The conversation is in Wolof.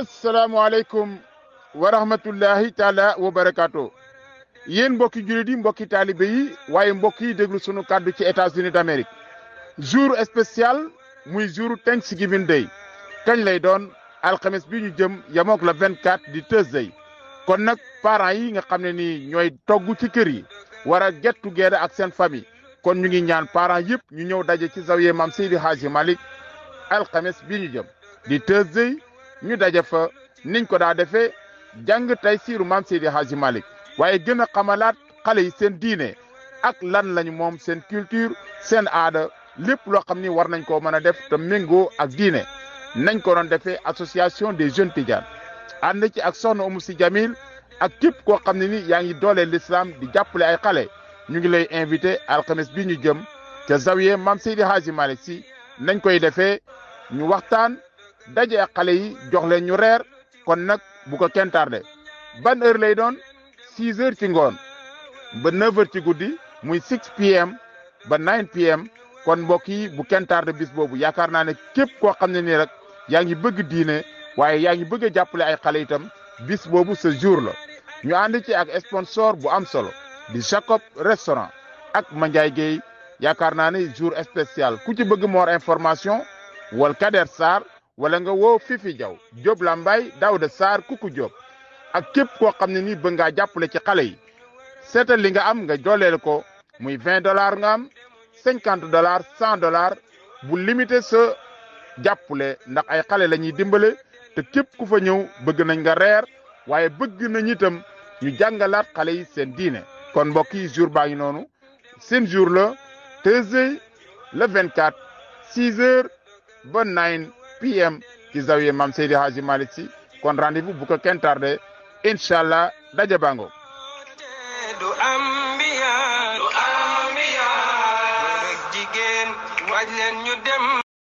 asalaamualeykum wa rahmatullahi taala wa barakaatu yéen mbokki jullit yi mbokki taalibe yi waaye mbokk yi déglu sunu kàddu ci États-Unis d'Amérique jour spécial muy jour Thanksgiving Day kañ lay doon alxames bi ñu jëm yamook la 24 di Thursday kon nag parents yi nga xam ne ni ñooy togg ci kër yi war a get together ak seen famille kon ñu ngi ñaan parents yëpp ñu ñëw daje ci zawiya maam Seydi Hadji malik alxames bi ñu jëm di Thursday ñu daje fa niñ ko daa defee jàng tey siiru maam Seydi Hadji malik waaye gën a xamalaat xale yi seen diine ak lan lañu moom seen culture seen aada lépp loo xam ni war nañ koo mën a def te méngoo ak diine nañ ko doon defe association des jeunes tidianes ànd ci ak soxna Oumou Sy Jamil ak képp koo xam ne ni yaa ngi dooleel lislaam di jàppule ay xale ñu ngi lay invité alxames bi ñu jëm ca zawiye mam Seydi Hadji Malick si nañ koy defee ñu waxtaan daje ak xale yi jox leen ñu reer kon nag bu ko kenn tardé ban heure lay doon six heures ci ngoon ba neuf ci guddi muy six pm ba nine pm kon mbokk yi bu kenn tardé bis boobu yaakaar naa ne képp koo xam ne nii rek yaa ngi bëgg diine waaye yaa ngi bëgg a jàppale ay xale itam bis boobu ce jour ñu ànd ci ak sponsor bu am solo di Jacob restaurant ak Mandiaye Gueye yaakaar naa ni jour spécial ku ci bëgg moor information wal Kader Sarr wala nga woo Fifi Diaw Diop Lambaye Daouda ku Koukou Diop ak képp koo xam ne nii bëgg ngaa jàppale ci xale yi seetal li nga am nga jolleel ko muy vingt dollars nga am cinquante dollars cent dollars bu limité sa jàppale ndax ay xale la ñuy dimbale te képp ku fa ñëw bëgg nañ nga reer waaye bëgg nañ itam ñu jàngalaat xale yi seen diine kon mbokk yi jour baa ngi noonu seen jour la Thursday le 24 6 h ba 9 pm ci zawiya Maam Seydi Hadji Malick Sy kon rendez-vous bu ko kenn tardé incha allah bango